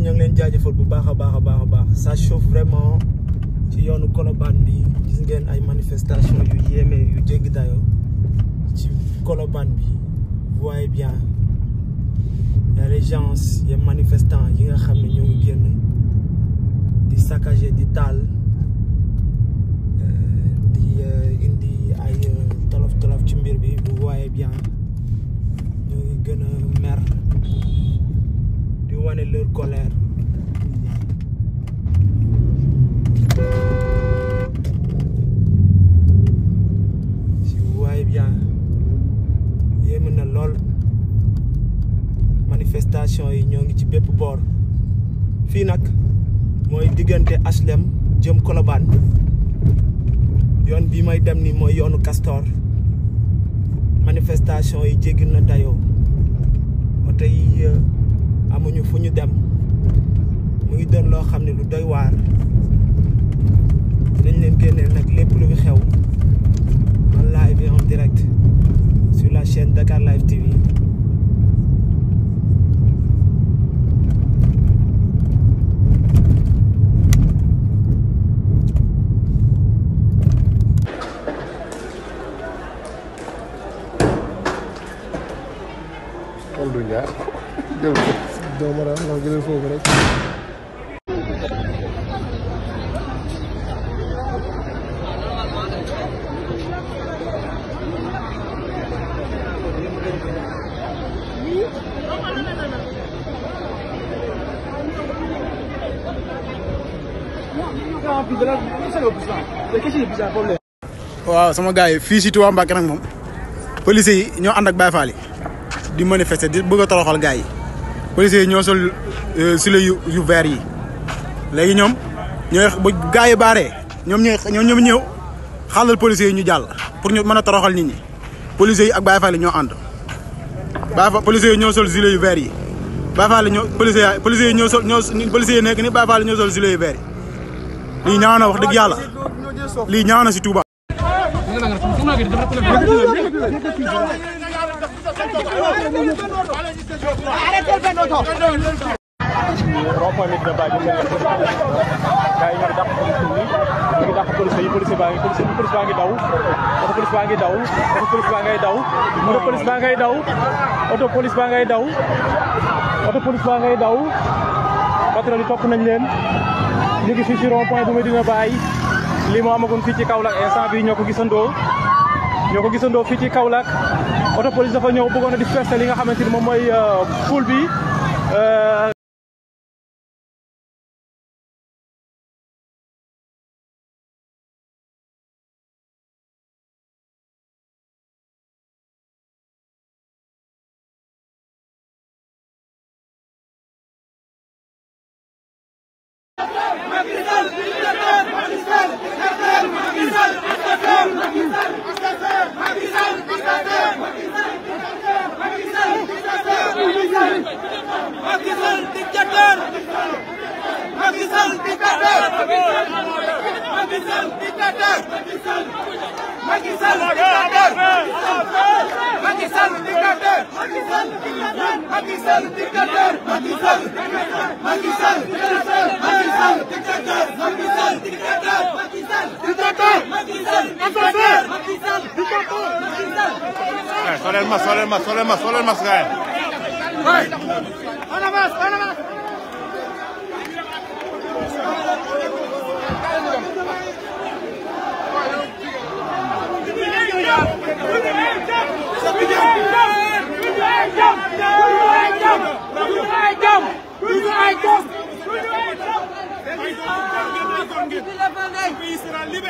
yi ñu ngi leen jaajëfal bu baax a baax a baax a baax ça vraiment ci yoonu Colobane bi gis ngeen ay manifestation yu yéeme yu jéggi dayoo ci Colobane bi vous voyez bien y a les gens les manifestants yi nga xam ne ñoo ngi génn di saccager di taal euh, di euh, indi ay euh, tolof tolof ci mbir bi bu voyez bien ñoo ngi gën a mer. di wane leur colère si vous ah, na lool manifestation yi ñoo ngi ci bépp boor fii nag mooy diggante HLM jëm Colobane yoon bi may dem ni mooy yoonu Castor manifestation yi jéggi na dayoo oto yi euh, amuñu fu ñu dem mu ngi doon loo xam ne lu doy waar dinañ leen génneel nag lépp lu fi xew en live et en direct la chaîne Dakar Live TV Oldu foofu rek. ¿eh? waaw sama gars yi fii si Touba Mbacké nag moom policiers yi ñoo ànd ak Baye Fall di manifester di bëgg toroxal gars policiers yi ñoo sol gilet euh, yu yu vert yi léegi ñoom ñoo bu gars yi baaree ñoom ñooy ñoom ñoom ñëw xàllal policiers yi ñu jàll pour ñu mën a toroxal nit ñi policiers yi ak Baye Fall ñoo ànd Baye Fall policiers yi ñoo sol gilet yu vert yi Baye Fall ñoo policiers yi policiers yi ñoo sol ñoo policiers yi nekk ni Baye Fall ñoo sol gilet yu vert yi lii ñaaw na wax dëgg yàlla lii ñaana na si Touba. arrêtez benn oto rond-point Médina Baye ñu ngi dàq police bi ñu ngi dàq police yi police baa ngi police police baa ngi daw oto police baa ngi daw oto police baa ngay daw oto police baa ngay daw oto police baa ngay daw oto police baa ngay daw patrouille topp nañ leen ñu ngi fii ci rond-point bu Médina Baye li mu amagoon fii ci Kaolack bi ñoo ko gisandoo ñoo ko gisandoo fii ci Kaolack oto police dafa ñëw bëggoon a disperser li mooy foule euh, Macky Sall dictateur Macky Sall dictateur Macky Sall dictateur Macky Sall dictateur Macky Sall dictateur Macky Sall dictateur Macky Sall dictateur Macky Sall dictateur Macky Sall dictateur Macky Sall dictateur Macky Sall dictateur Macky Sall dictateur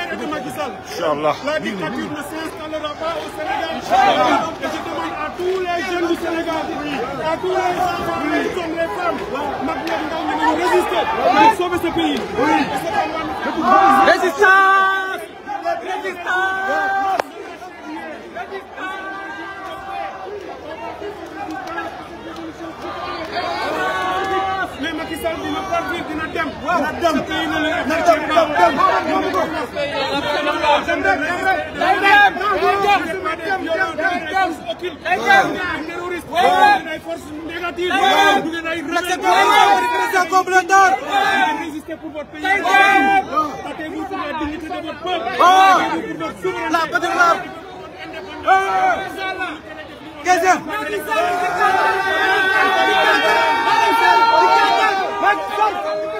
Amer et de Macky La dictature ne s'installera pas au Sénégal. Et je demande à tous les jeunes du Sénégal, à tous les enfants, les hommes, les femmes, Macky de nous résister pour sauver ce pays. Oui. Résistance Résistance Mais Macky Sall dina partir, dina dem. Dina dem. Macky Sall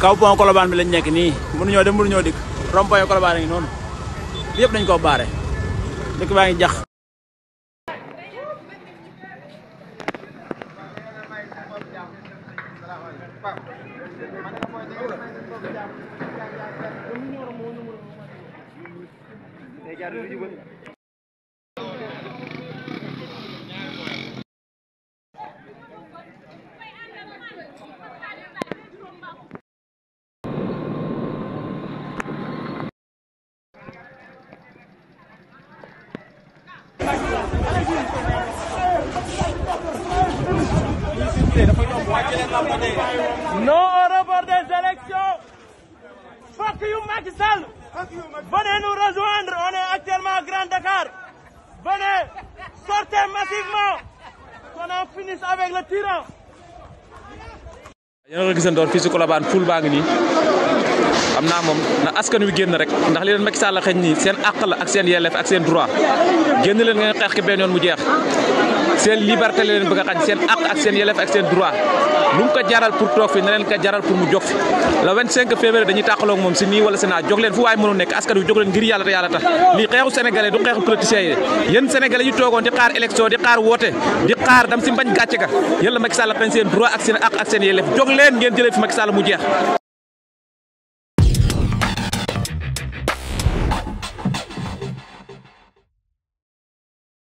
kaw pont Colobane bi lañ nekk nii mënuñoo dem mënuñoo dikk rond-point Colobane ngi noonu yëpp dañ ko baare dëkk baa ngi jax Non au report des élections. Fuck you Macky Sall. Venez nous on est actuellement à Grand Dakar. Venez, sortez massivement. Qu'on en finisse avec le tyran. yéen a ngi gisandoor fii si baa ngi nii am naa moom na askan wi génn rek ndax li leen Macky Sall xëñ nii seen àq la ak seen yelleef ak seen droit génn leen ngeen xeex ki benn yoon mu jeex. seen liberté la leen bëgg xañ seen àq ak seen yelef ak seen droit lu ko jaral pour toog fi na leen ko jaral pour mu jóg fi le 25 dañuy tàqaloog moom si nii wala si naa jóg leen fu waaye mënu nekk askan wi jóg leen ngir yàlla te yàlla tax lii xeexu sénégalais du xeexu politiciens yi yéen sénégalais yu toogoon di xaar élection di xaar woote di xaar dam si mbañ gàcce ga yéen la Macky Sall xañ seen droit ak seen àq ak seen yelef jóg leen ngeen jëlee fi Macky Sall jeex